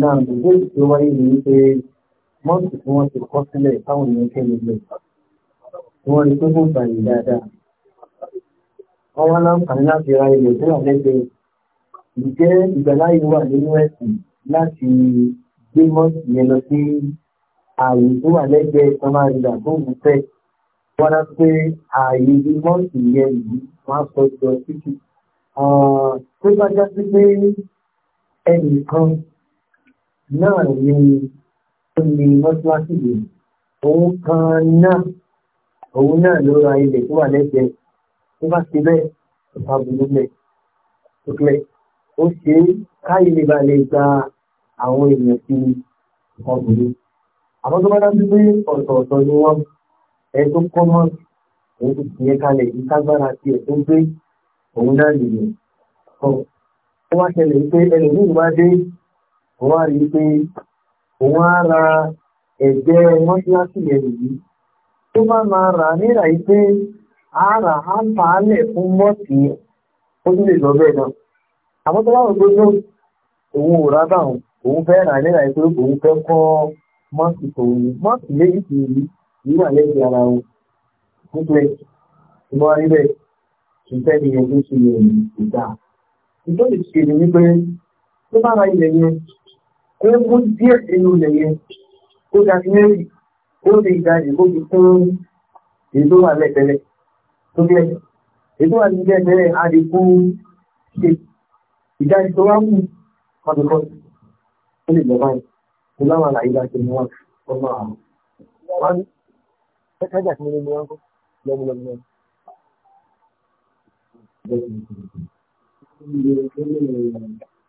náà ìbéèrè tó wáyé ni wípé mọ́ọ̀sì tí wọ́n ti kọ́ sílẹ̀ táwọn èèyàn kẹ́lẹ̀ lẹ̀ tí wọ́n rí pé kò gbàyè dáadáa wọ́n wá láǹfààní láti ra ilẹ̀ tó wà lẹ́gbẹ̀ẹ́ ìjẹ́ ìgbàláyé wà nínú ẹ̀sìn láti gbé mọ́ọ̀sì yẹn lọ sí ààyè tó wà lẹ́gbẹ̀ẹ́ sọmáríà tó ń fẹ́ wọ́n rá pé ààyè bí mọ́ọ̀sì yẹn yìí wọ́n á sọ jọ títì tó bá já sí pé ẹnìkan náà ni ó ní mọ́tíláṣí yìí òun kan náà òun náà ló ra ilẹ̀ tó wà lẹ́sẹ̀ tó bá ti bẹ́ẹ̀ tó bá burú mẹ́ tó pẹ́ ó ṣe é káyé lè ba lè gba àwọn èèyàn sí nǹkan burú àmọ́ tó bá dájú pé ọ̀tọ̀ọ̀tọ̀ ni wọ́n ẹ tó kọ́ mọ́ òun ti tìyẹ kalẹ̀ ìkágbára tiẹ̀ tó gbé òun náà nìyẹn. ó wá ṣẹlẹ̀ pé ẹlòmíràn bá dé wọ́n á rí i pé òun á ra ẹ̀jẹ̀ mọ́ṣíláṣí tó bá máa rà ara á ta á lẹ̀ fún mọ́ọ̀tì ó tún lè lọ bẹ́ẹ̀ náà àmọ́ tó bá wọ́n gbé òun ò rà báwọn òun fẹ́ rà yìí pé òun fẹ́ kọ́ mọ́ọ̀tì tòun ni mọ́ọ̀tì tì í yìí wà lẹ́yìn ara kó mú díẹ̀ nínú ilẹ̀ yẹn kó dàbí mẹ́rì ó lè ìdájì kó fi fún èyí tó wà lẹ́tẹ̀lẹ̀ tó bí ẹ̀jẹ̀ èyí tó wà ní ilé ẹ̀tẹ̀lẹ̀ á lè kú ṣe ìdájì tó wá mú ọdúnkọ́ ó lè lọ báyìí mo láwọn àlàyé bá ṣe mú wà ọmọ àwọn. wọn ní ṣẹ́jà tí mo wọn kọ́ lọ́mọlọ́mọ.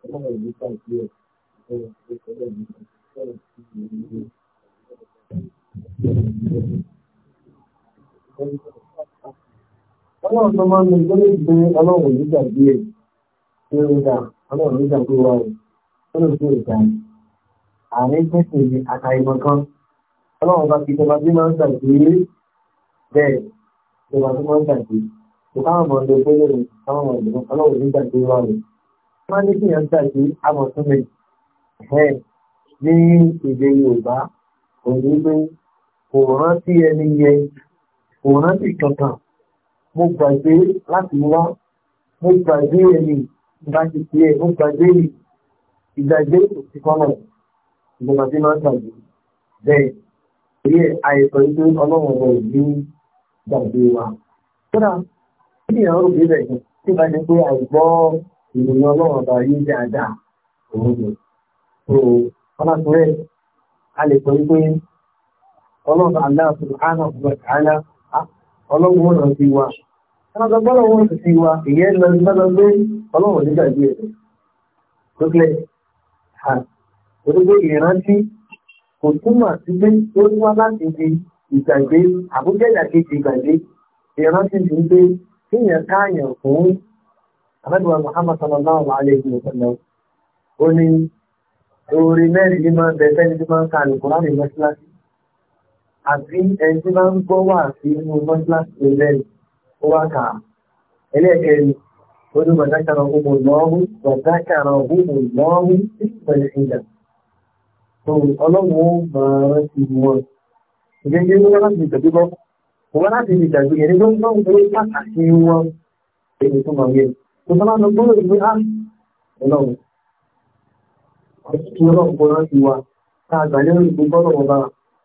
Thank ọlọ́run tó máa ń lo ìgbọ́lẹ̀ ìgbé ọlọ́run nígbà bí ẹ̀ ṣe ń dà ọlọ́run nígbà tó wà rẹ̀ ọlọ́run tó ìgbà rẹ̀ ààrẹ tẹ̀sẹ̀ ní àtàìmọ̀ kan ọlọ́run bá fi tọba tí máa ń gbàgbé bẹ́ẹ̀ tọba tó máa ń gbàgbé kò káwọn ọmọ ọdún gbọ́lẹ̀ rẹ̀ káwọn ọmọ ọdún ọlọ́run nígbà tó wà rẹ̀ máa ní kí yàn gbàgbé amọ̀túnmẹ̀ ẹ̀ ní èdè Yorùbá òní pé kò rántí ẹni yẹ kò rántí kankan mo gbàgbé láti wá mo gbàgbé ẹni ìdájí sí ẹ mo gbàgbé ìgbàgbé òsì kọ́nà ìjọba tí máa ń tàbí bẹ́ẹ̀ èyí àìsàn ìgbé ọlọ́run ọ̀rọ̀ ìlú gbàgbé wa. kódà kí ni àwọn òbí rẹ̀ bá pé àìgbọ́ ìròyìn ọlọ́run ọba yìí dáadáa òun rẹ̀ a lè sọ wípé ọlọ́wọ́ ọ̀nà ti wa alágbàgbọ́lọ́wọ́ ọ̀nà ti wa ìyẹn lọ sí lọ́dọ̀ pé ọlọ́wọ́ nígbà díẹ̀ lókè ha olóògbé ìrántí kò túmọ̀ sí pé ó wá láti di ìgbàgbé àbújẹ́yà kejì ìgbàgbé ìrántí ti ń pé kíyàn káàyàn fún àmẹ́dùwà Muhammad sallallahu alayhi wa sallam ó àbí ẹni tí máa ń gbọ́ wà sí inú mọ́síláṣí lẹ́yìn ó wá kà á ẹlẹ́ẹ̀kẹ́rin ó ní bàdákà ràn ó mò lọ́rùn bàdákà ràn ó mò lọ́rùn sí ìpẹ̀lẹ̀ ìjà tó ọlọ́run ó máa rántí wọn ìgbẹ́jẹ́ ló wá láti ìtẹ̀jú bọ́ kò wá láti ìtẹ̀jú yẹn ní gbọ́n gbọ́n pé pàtàkì wọn èyí tó máa yẹ tó bá lọ gbọ́dọ̀ ìwé á ah, ọlọ́run ọtún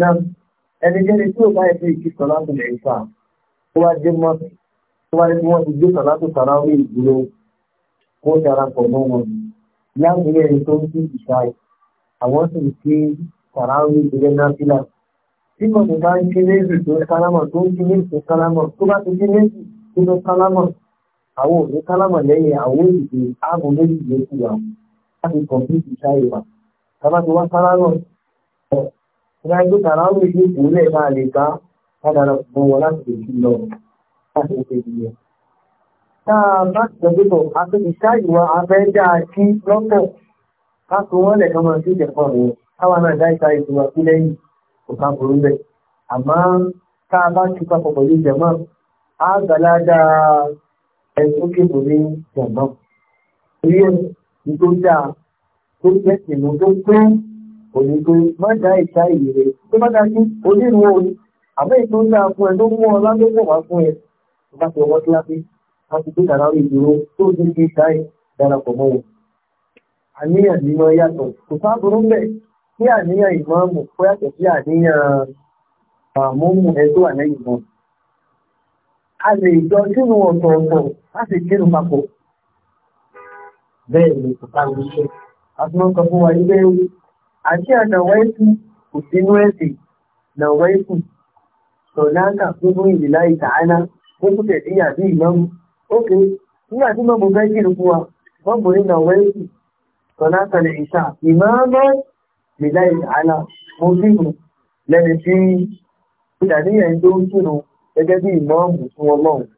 Nam ẹnikẹ́ni tí ó bá ẹ̀fẹ́ ìkí sọ̀lá tó lè fà tó wá dé mọ́ tó wá dé mọ́ ti gbé sọ̀lá tó sọ̀rọ̀ orí ìdúró kó dára pọ̀ mọ́ wọn. Láàmú ní ẹni tó ń kí ìṣá ẹ̀ àwọn sì ń kí sọ̀rọ̀ orí ìdúró náà sílà. Tí mo ti bá ń kí léèzì tó sálámọ̀ tó ń kí léèzì tó sálámọ̀ tó bá ti kí léèzì tó tó sálámọ̀ àwọn òní sálámọ̀ lẹ́yìn àwọn òyìnbó áàbò méjì lókù wa láti kọ̀ọ̀pì ìṣá ìwà tàbá ti wá sára náà ẹ̀ ìdá ẹgbẹ́ tààrà ó lè gbé ìpínlẹ̀ náà lè ká ládàá fún wọn láti lè lọ láti lè lè tá a bá ti gbé tó afẹ́ ìṣá ìwà abẹ́ dáa kí lọ́pọ̀ ká tó wọ́n lẹ̀ kọ́mọ sí ìjẹ̀kọ́ rẹ̀ káwa náà dá ìta ìtura tó jẹ́ ìlú tó pé òní pé má dá ìta ìrere tó bá dájú onírú orí àbẹ́ ètò ńlá fún ẹ tó mú ọ lágbègbè wá fún ẹ tó bá ti ọwọ́ kíláàsì wọ́n ti gbé dàrá orí ìdúró tó ti fi ìta ẹ darapọ̀ mọ́ wọn. àníyàn ní wọn yàtọ̀ kò sá burú bẹ́ẹ̀ kí àníyàn ìmọ̀ọ́mù kó yàtọ̀ sí àníyàn àmúmù ẹ tó wà a lè jọ sínú ọ̀tọ̀ọ̀tọ̀ láti kírun papọ̀ bẹ́ẹ̀ ni kò sá burú bẹ́ẹ̀ àtúnmọ́ kan fún wa ilé ewu àti ànàwẹ́sì kò sínú ẹ̀sìn nàwẹ́sì sọ̀láńkà gbogbo ìlà ìtàánà gbogbo tẹ̀sí àbí ìmọ̀mù ókè nígbà tí mọ̀mù fẹ́ kí fún wa mọ̀mù ní nàwẹ́sì sọ̀láńkà lè ṣà ìmọ̀mọ́ ìlà ìtàánà mo kírun lẹ́ni tí ìdàníyàn tó ń kírun gẹ́gẹ́ bí ìmọ̀mù fún ọlọ́run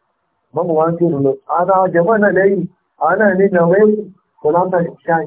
mọ̀mù wa ń kírun lọ àwọn jẹ̀mọ́ náà lẹ́yìn àwọn náà ní nàwẹ́sì sọ̀láńkà lè ṣáì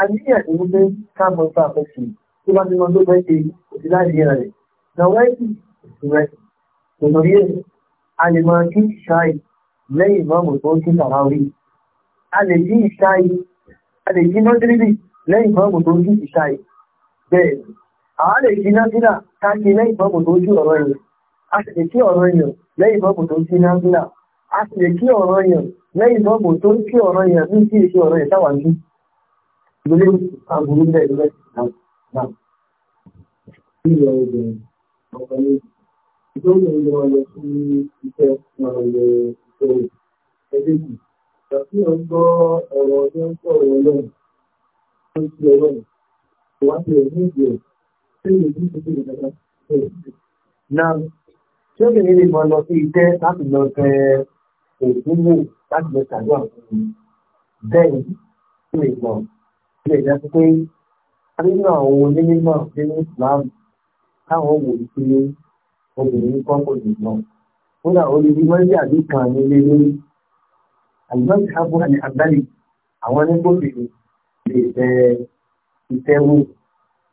àníyàn ní wípé káàmù bá fẹ́ ṣe tó bá ti mọ tó fẹ́ ṣe òsì láì yẹra rẹ̀ nàwáìtì ìrẹ̀ nítorí ẹ̀ a lè máa kí ìṣáì lẹ́yìn mọ́mù tó ń kí tàráwí a lè kí ìṣáì a lè kí nọ́tírìbì lẹ́yìn mọ́mù tó ń kí ìṣáì bẹ́ẹ̀ àwa lè kí náfílà káàkiri lẹ́yìn mọ́mù tó ń kí ọ̀rọ̀ yẹn a sì lè kí ọ̀rọ̀ yẹn lẹ́yìn mọ́mù tó ń kí a sì lè kí ọ̀rọ̀ yẹn lẹ́yìn mọ́mù tó ń ọ̀rọ̀ yẹn ní kí èsì ọ̀rọ̀ yẹn táwà ń kí ìdílé àbúrú bẹ́ẹ̀ lọ́wọ́ náà. Ìyá obìnrin ọ̀pọ̀ ní ìtọ́jú ń lọ lọ sí iṣẹ́ máa lọ ìṣòro ẹgbẹ́jì. Ìgbàsíyàn gbọ́ ọ̀rọ̀ tó ń sọ̀rọ̀ ọlọ́run tó ń ṣe ọlọ́run. Ìwádìí rẹ̀ ní ìgbìyànjú tó lè ní ìṣòro ìjọba. Náà tí obìnrin lè mọ lọ sí iṣẹ́ láti lọ tẹ òkú wò láti lọ ṣàdúrà fún mi. Bẹ́ẹ̀ni, ó lè gbọ́n ilé ìjà sí pé nínú àwọn onímọ̀ nínú Islam táwọn wò ó pé obìnrin kọ́kọ́ jùlọ. Kódà ó lè rí mọ́jú àbí kan nílé lórí. Àlùmọ́sí Abu àti Abdali àwọn onígbòbìnrin lè bẹ ìfẹ́ wò.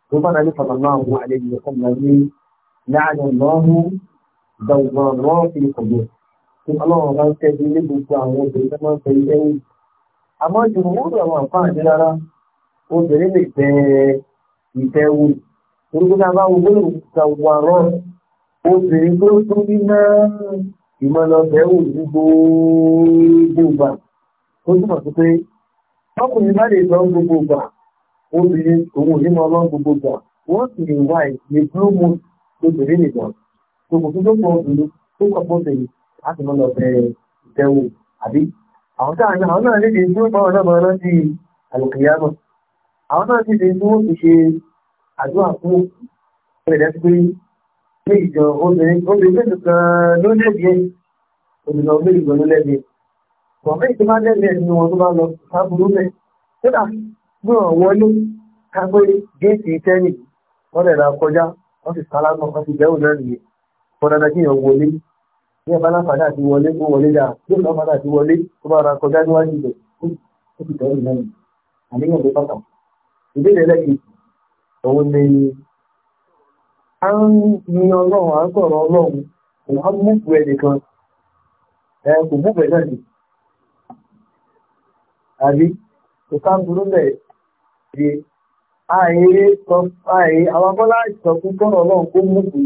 Tó bá dájú fàmà náà wọ àlejò ọ̀kan náà ní láàrin lọ́hù gbọ̀ngàn lọ́wọ́ fi kọ̀gbọ̀. Tí ọlọ́run bá ń tẹ́jú ní gbogbo àwọn obìnrin tó máa ń fẹ́ ilé wò. Àmọ́ ìdùnnú wúrò àwọn àǹfààní rárá obìnrin lè tẹ ìfẹ́ wò orúkọ tá a bá wo gbólóhùn ṣàwárọ̀ obìnrin tó tún ní náà ìmọ̀lọ́fẹ́ wò ní gbogbo ìgbà ó túmọ̀ sí pé ọkùnrin bá lè lọ gbogbo ìgbà obìnrin òun ò ní mọ ọlọ́run gbogbo ìgbà wọ́n sì lè wá ìpè blue moon lóbìnrin nìkan gbogbo tó tó pọ̀ obìnrin tó pọ̀ pọ̀ bẹ̀rẹ̀ láti mọ́ lọ bẹ̀rẹ̀ ìfẹ́ wò àbí àwọn táwọn náà lè dé dúró báwọn náà mọ́ ọ àwọn náà ti lè mú ìṣe àdúrà fún ìrẹ̀lẹ̀ pé ilé ìjọ obìnrin obìnrin mélòó kan ló lẹ́bi òmìnira obìnrin kan ló lẹ́bi ẹ̀ kọ̀ọ̀kan máa lẹ́bi ẹ̀ wọn tó bá lọ sábúrú mẹ́ kódà bí wọ́n wọlé kágbé géètì tẹ́nì wọ́n lè ra kọjá wọ́n sì sálámà wọ́n sì bẹ́ẹ̀ náà nìyẹn wọ́n dandan kí èèyàn wọlé bí ẹ bá àti wọlé ó wọlé dáa bí ó láǹfààní àti wọlé ó bá ra kọjá níwájú ibẹ̀ ó sì tẹ́lẹ̀ náà àníyàn ló pàtàkì ìbéèrè ẹlẹ́kìtì òun ni a ń yin ọlọ́run a ń sọ̀rọ̀ ọlọ́run òun á múùkù ẹnìkan ẹ dị múùkù àbí sọ àìrí àwọn akọ́lá ìsọ̀kún tọ́rọ̀ ọlọ́run kó múùkù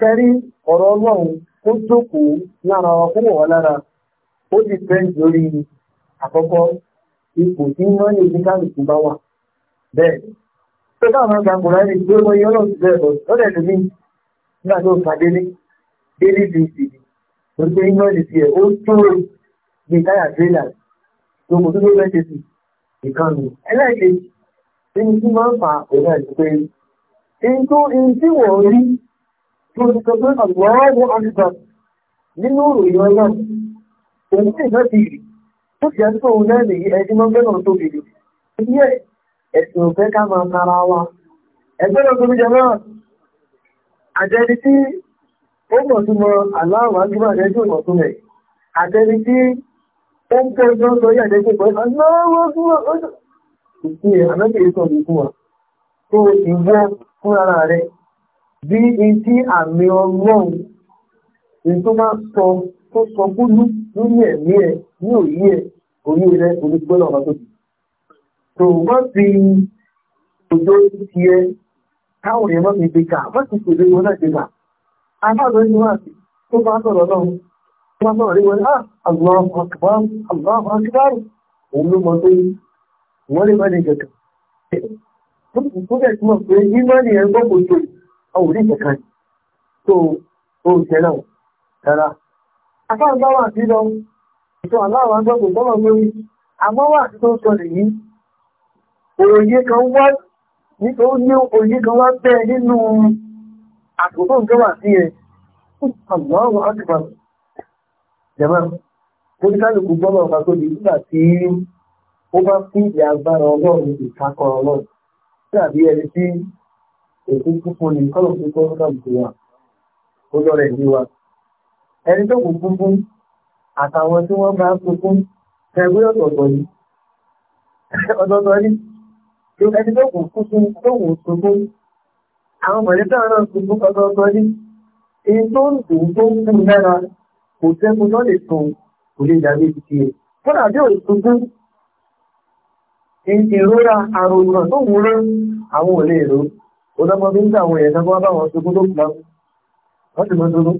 kẹrí ọ̀rọ̀ ọlọ́run jókòó lára wa kó wọ̀ lára ó lórí àkọ́kọ́ ipò tí bẹ́ẹ̀ tó dáwọn ọgbàgbòrò ẹni tó wọ́n yọ́ lọ́sí bẹ́ẹ̀ lọ́dẹ̀ tó ní nígbà tó pàdé ní daily bc tó gbé england ti ẹ̀ ó tó ní káyà trailer tó kò tó tó bẹ́ẹ̀ tẹ̀sí ìkànnì ẹlẹ́ẹ̀kejì tí ń tí máa ń fa òun àti pé ń tó ń tí wọ́n rí tó ti sọ pé àgbọ̀wọ́ àgbà nínú ìròyìn ọlọ́run òun sì náà ti rí tó ti àtúntò òun náà nìyí ẹni máa ń bẹ́ẹ̀ náà tó kéde ẹ̀sìn òfẹ́ ká máa tara wa ẹgbẹ́ lọ́gbọ́n jẹ náà àtẹni tí ó mọ̀ sí mọ aláwọ̀ agbúgbà ẹjọ́ ìmọ̀ tó rẹ̀ àtẹni tí ó ń kọ́ ọjọ́ sọ yà lẹ́gbẹ́ pẹ̀lú aláwọ̀ agbúgbà ọjọ́ ìpínlẹ̀ anábìrì sọ ní fún wa tó ìwọ fún ara rẹ̀ bí i tí àmì ọlọ́run ní tó máa sọ tó sọ gbólú nínú ẹ̀mí ẹ̀ ní òyí ẹ̀ òyí rẹ̀ onígbọ́nà ọ̀rọ̀ tó ti tó wọ́n fi òjò ti ẹ káwọn èèyàn mọ́bí gbéga wọ́n ti pèlè wọn náà gbéga aláàrẹ ni wọ́n àti tó bá sọ̀rọ̀ náà wọ́n sọ̀rọ̀ rí wọn ah àwọn akọ̀bọ̀n àwọn akọ̀bọ̀n òun ló mọ pé wọ́n lè má lè gẹ̀gẹ̀ tó bẹ̀ tí mọ̀ pé mímọ́ ni ẹgbọ́ kò tó àwọn òní ìjẹ̀ka ni tó o jẹ́ náà rárá afáàgbá wà sí lọ ìtọ́ aláwọ̀ agbọ́kùn tọ́lọ̀ lórí òye kan wá nítorí ní òye kan wá bẹ́ẹ̀ nínú àkókò nǹkan wà sí ẹ̀ àwọn àjùbà jẹ́mọ́ tó ní kálùkù gbọ́nà ọ̀pá tó di nígbà tí ó bá fi ìyà agbára ọlọ́run ìtakọ̀ ọlọ́run tí àbí ẹni tí èkó púpọ̀ ní kọ́lọ̀ tó kọ́ kálùkù wà ó lọ rẹ̀ ní wa ẹni tó kù púpọ̀ àtàwọn tí wọ́n bá púpọ̀ tẹ̀gbé ọ̀tọ̀ọ̀tọ̀ ọ̀tọ̀ọ̀tọ̀ yìí ló ẹni tó kù kú sí lóhùn ṣubú àwọn mọ̀lẹ́bí àwọn náà ṣubú ọgọ́gọ́ ní èyí tó ń dùn tó ń dùn lára kò sẹ́gun náà lè tún kò lè dàbí ti tiẹ̀ fúnra bí ò ṣubú ìrora àròyìn tó wúrọ àwọn òlé èrò ọdọ́mọ bí ń gbà àwọn èèyàn bá wọn ṣubú ló pọ̀ wọ́n ti mọ́ dúró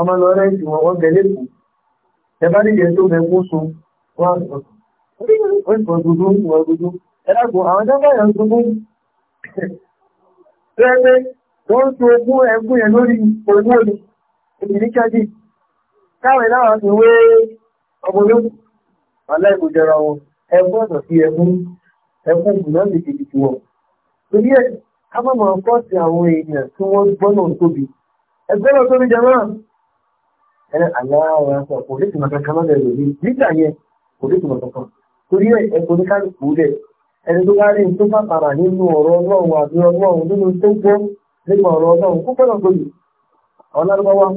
ọmọ lọ rẹ̀ jù wọn bẹ̀ lẹ́kùn ẹ bá nílẹ̀ tó mẹ́kún sun wọn ẹ̀dàgbò àwọn jẹ́gbàyàn ṣogún rẹ̀rẹ̀ tó ń tó ogún ẹgbùn yẹn lórí ogún olè ìbìrí kẹ́jì káwẹ̀ láwọn ti wé ọmọlógún aláìkòjẹra wọn ẹgbùn ọ̀sọ̀ sí ẹgbùn ẹgbùn ìgbùnà lè kejì tí wọn torí ẹ̀ kábàmọ̀ ọkọ̀ sí àwọn èèyàn tí wọ́n gbọ́nà tóbi ẹgbẹ́ náà tóbi jẹmọ́ ẹ̀rẹ́ aláwọ̀ ẹ̀kọ́ kò lè tìmọ̀ kankan lọ́dẹ̀ lórí nígbà yẹn kò kankan torí ẹ̀ ẹ̀kọ́ ní kálukú lẹ̀ e tó wárí tó pàtàrà nínú ọ̀rọ̀ ọlọ́run àti ọlọ́run nínú tó gbọ́ nípa ọ̀rọ̀ ọlọ́run kó pẹ́lọ̀ gbòyè ọlọ́lọ́wọ́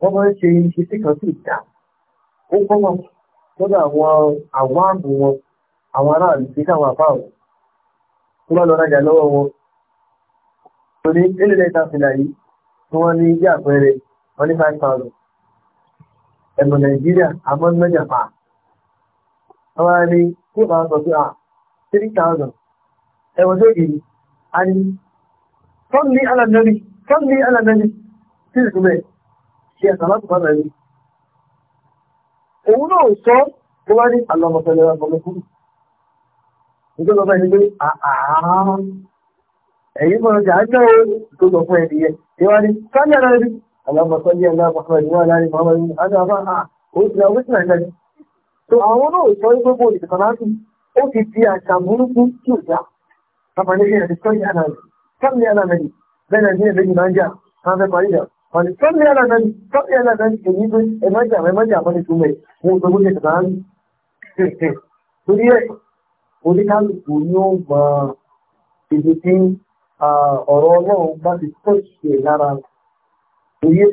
wọ́n máa ń ṣe iṣẹ́ kan sí ìdá ó kọ́mọ̀ lọ́dọ̀ àwọn àwọn ààbò wọn àwọn aráàlú sí káwọn tó bá lọ rajà lọ́wọ́ wọn ní fìlà yìí tí wọ́n ní ilé àpẹẹrẹ three thousand ẹ̀wọ̀n me, she has a lot to So, are Because ah, ní sọ́ọ̀lì alànàbí to alànàbí tí ìsúnmẹ̀ the àtàlátù bá bẹ̀rẹ̀ òun náà sọ tó wá ní àlọ́mọ̀tẹ́lẹ̀ ọmọkùnrin nítorí ọba ẹni pé àhàhà ẹ̀yìn mọ̀ ọjà ajá o tó lọ fún ẹni yẹn tí wá ní sọ́ọ̀lì alànàbí àlọ́mọ̀tẹ́lẹ̀ ọmọkùnrin to láàrin mọ́mọ́ ó ti fi àṣà burúkú tí ò já àfàlẹ́ṣẹ́ rẹ̀ sọ́yìn àlàyé sọ́yìn àlàmẹ́lì bẹ́ẹ̀ náà ní ẹ̀lẹ́ yìí máa ń jà máa fẹ́ parí jà wọ́n ni sọ́yìn àlàmẹ́lì sọ́yìn àlàmẹ́lì èyí pé ẹ̀mọ́jà ẹ̀mọ́jà àwọn ìtumẹ̀ wọn tó gbé ṣẹ̀tà ń torí ẹ̀ oníkálùkù ni ó mọ ibi tí ọ̀rọ̀ ọlọ́run bá ti tọ́ ṣe lára òye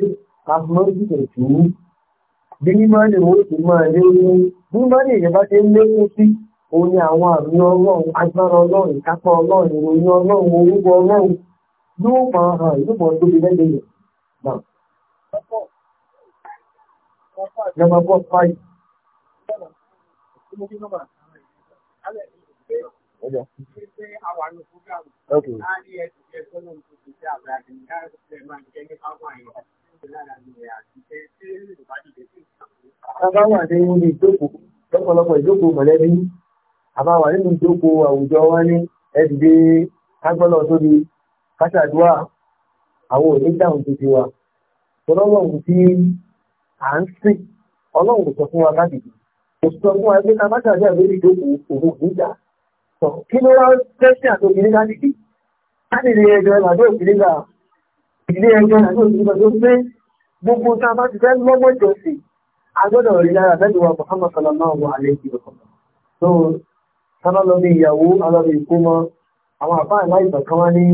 àfọmọ́jìkẹ̀ tù ú bí mímọ́ ni wọ́n ti máa lé ní mímọ́ ni èèyàn bá ti ń lékún sí òun ni àwọn àmì ọlọ́run agbára ọlọ́run ìkápá ọlọ́run ìròyìn ọlọ́run orúkọ ọlọ́run yóò máa hàn yóò mọ̀ tóbi lẹ́gbẹ̀ẹ́ yẹn. Number four, five. Okay. ìjókòó mọ̀lẹ́bí àbáwà nínú ìjókòó àwùjọ wá ní ẹ̀dìdé agbọ́lọ̀ tó di kásàdúrà àwọn onídàhùn tó ti wà ọlọ́run tí à ń sìn ọlọ́run sọ fún wa káàkiri kò sọ fún wa pé ká má ṣàdúrà lórí ìjókòó òun níjà sọ kí ló wá tẹ́sí àtòkì ní káàkiri láti ilé ẹjọ́ làdó òkè nígbà ilé ẹjọ́ làdó òkè nígbà tó pé gbogbo tá a bá ti fẹ́ lọ́gbọ́n jọ sí agbọ́dọ̀ rí lára mẹ́lùú wa Muhammad sallallahu sábà lọ bí ìyàwó alọ́bí ìkómọ àwọn àfáà láìsàn kan wá ní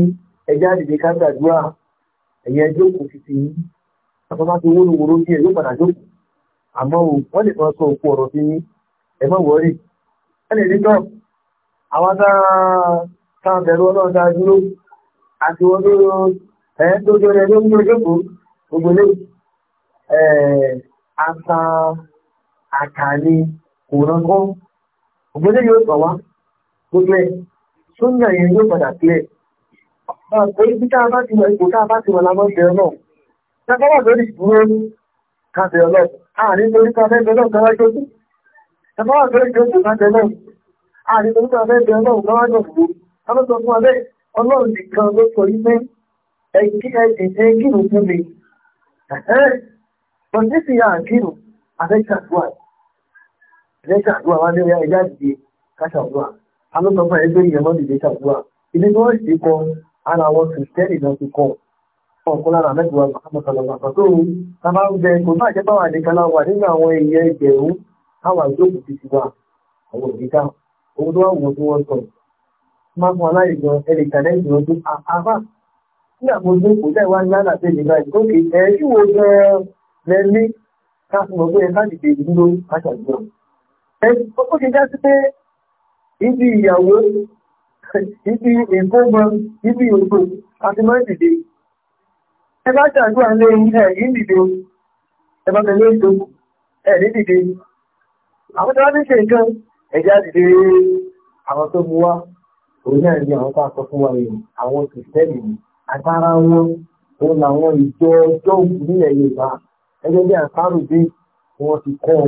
ẹjá àdìdì ká gbàdúrà ẹ̀yẹ jókòó fìfì yìí àtọ́ bá ti wóró wóró bí ẹ̀ yóò padà jókòó àmọ́ wọ́n lè máa sọ òkú ọ̀rọ̀ sí yín ẹ má wọ́ọ̀rì ẹ̀ lè tọ́ àwọn tá a bẹ̀rù ọlọ́run tá a dúró àti wọn tó ẹ̀ lójú rẹ̀ ló ń gbé jókòó gbogbo lé ẹ̀ àṣà àkàní kò ránkọ́ ògbélé yóò tọ̀ wá gbogbo ẹ̀ súnà yẹn yóò padà sílẹ̀ orí bí tá a bá ti wọ ipò tá a bá ti wọ lámọ́ ìbẹ̀rẹ̀ náà tábàbà lórí ìdúró kábẹ̀rẹ̀ náà àárín torí káfẹ́ bẹ̀rẹ̀ náà káwá jókòó tábàbà lórí ìdúró kábẹ̀rẹ̀ náà àárín torí káfẹ́ bẹ̀rẹ̀ náà káwá jókòó káwá sọ fún abẹ́ ọlọ́run nìkan ló sọ yí pé ẹ̀kí ẹ̀sìn ṣe kírun fún mi. Bọ̀dé sì yà kírun àfẹ́ ṣàtúwàá idan ṣàdúrà wá lórí ẹja dìde ká ṣàdúrà alótọ́fà ẹgbẹ́ ìyẹmọ́ dìde ṣàdúrà ilé tí wọ́n ṣe kọ ara wọn kìrìtẹ́nì náà ti kọ ọ̀kan lára mẹ́tìwá mọ̀sálọ́mọ́ àtọ́ tó sábà ń bẹ kò bá jẹ́ báwa nìkan láwà nínú àwọn ẹ̀yẹ ẹgbẹ̀rún káwà ìjókòó ti ti wà àwọn òbíká owó tó wà wọ́n tó wọ́n sọ máa fún aláì gan ẹnì kan ẹ̀sìn ọdún àbá ní àbójú kò dẹ̀ wá ó ti já sí pé ibi ìyàwó ibi ìgbógbọ ibi ògbò àti mọ́ ìdìde ẹ bá ṣàdúrà lé ẹ̀ ìdìde ẹ bá tẹ̀lé ètò ẹ̀ nídìde àwọn tó wá ní ṣe nǹkan ẹ̀já dìde àwọn tó mú wá òun náà ní àwọn tó àkọ́ fún wa rèé àwọn kìrìtẹ́nì àtàrà wọn òun làwọn ìjọ ọjọ́ òkú nílẹ̀ Yorùbá ẹgbẹ́ bí àǹfààrù dé wọn ti kọ́ ọ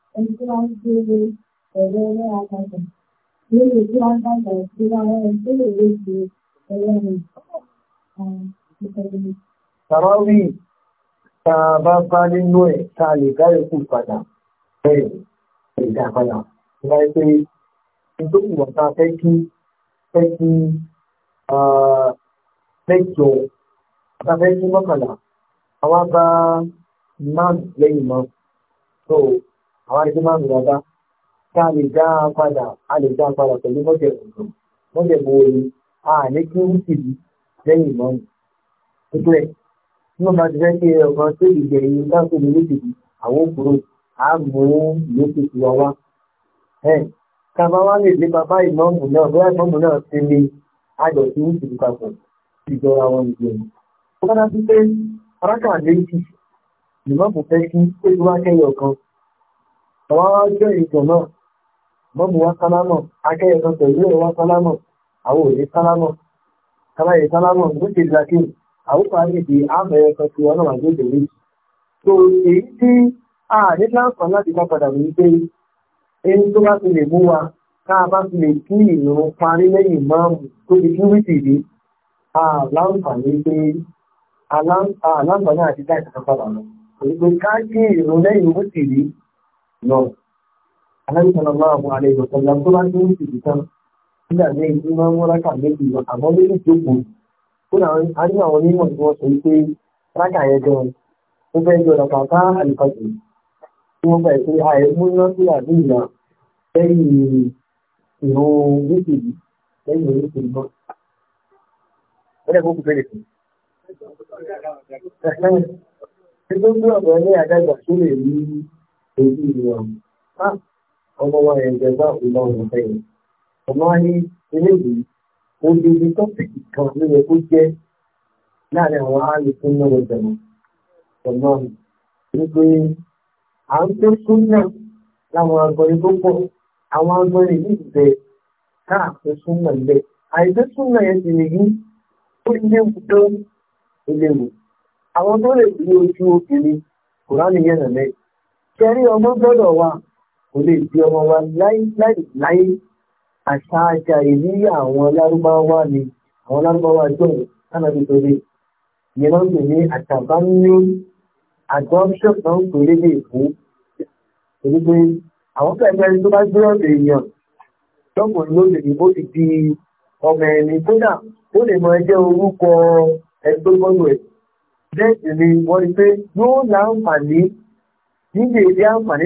ẹni tí bá nínú ẹ̀ tá lè dá ikú padà bẹ́ẹ̀ lè dá padà. Ìgbà pé ìdókòwò ọ̀tá fẹ́ kí fẹ́ kí mẹ́jọ ọ̀tá fẹ́ kí mọ́kànlá àwọn bá máa lẹ́yìn mọ́ àwọn ẹgbẹ́ máa ń rọ̀ bá ká lè dá padà a lè dá padà pẹ̀lú mọ́jẹ̀ mọ́jẹ̀ bó o ní a ní kí ó sì bí lẹ́yìn ìmọ̀ọ́nù gbogbo ẹ̀ tí wọ́n bá ti fẹ́ ṣe ọ̀kan tó ìgbẹ̀ yìí ká tó lè lókè bí àwọn òkúrò á mú ìlókè tí wọ́n wá ẹ̀ ká bá wá lè lé bàbá ìmọ̀ọ́nù náà bóyá ìmọ̀ọ́nù náà ti ní àjọ tí ó sì bí papọ̀ ìjọra wọn ìgbẹ̀yìn ó bá dá sí pé arákàlẹ́ ìmọ̀ọ́nù fẹ́ kí ó àwọn ajọ́ ìpò náà mọ́bù wá sálámọ̀ akẹ́yẹ kan pẹ̀lú ẹ̀wá sálámọ̀ àwọn òye sálámọ̀ káláyé sálámọ̀ lókè ìdákì àwọn pàdé àbẹ̀yẹ kan ti wọn náà gbé lórí tó èyí tí a ní láǹfà láti bá padà wí pé ẹni tó bá ti lè mú wa ká bá ti lè kí ìrún parí lẹ́yìn máàmù tó ti kí wíìtì rí aláǹfààní pé aláǹfààní àti dáìsàn padà lọ. Òyìnbó ká kí ìrún lẹ́yìn wíìtì rí lọ. Ànábì sallallahu alaihi wasallam tó bá tún sì tán nígbà tí èyí máa ń múra kà méjì lọ àmọ́ méjì tó kù. Ó nà á ní àwọn onímọ̀ tí wọ́n sọ pé rákà yẹn gan ó fẹ́ jọ ọ̀nà kàkà àlùfàṣì tí wọ́n gbà pé ààyè múná sí àdúgbà lẹ́yìn ìrò méjèèjì lẹ́yìn ìrò méjèèjì náà. Ó dẹ̀ kó kù fẹ́lẹ̀ sí. Ẹgbẹ́ gbé ọ̀dọ́ ní àdágbà tó lè rí ojú wọn ká ọmọ wa yẹn jẹba ìlọrin bẹ́ẹ̀ ọmọ wa ní eléyìí odidi tọ́pìkì kan ló yẹ kó jẹ́ láàrin àwọn àlùkò náà lọ́jọ́ ọmọ nítorí à ń tó súnmọ́ láwọn agbọ̀nrin tó pọ̀ àwọn agbọ̀nrin yìí bẹ káà tó súnmọ́ lẹ àìsí súnmọ́ yẹn ti nìyí ó léwu tó léwu àwọn tó lè fi ojú obìnrin kò rá nìyẹn nàlẹ́yìn. Kẹrí ọmọ gbọ́dọ̀ wa, kò lè di ọmọ wa láìláì àṣà àṣà ìrírí àwọn lárúbáwá ni, àwọn lárúbáwá jọ̀ọ̀ lánàbí tó lé. Ìyẹn máa ń pè ní àtàbá ní adoption náà ń pè lédè èkó. Èyí pé àwọn kẹ̀kẹ́ tó bá gbé ọ̀dọ̀ èèyàn lọ́kùnrin ló lè ní bó ti di ọmọ ẹni kódà ó lè máa jẹ́ orúkọ ẹgbẹ́ gbọ́dọ̀ ẹ̀. Bẹ́ẹ̀ sì ni wọ́n rí pé yóò láǹfààní he ji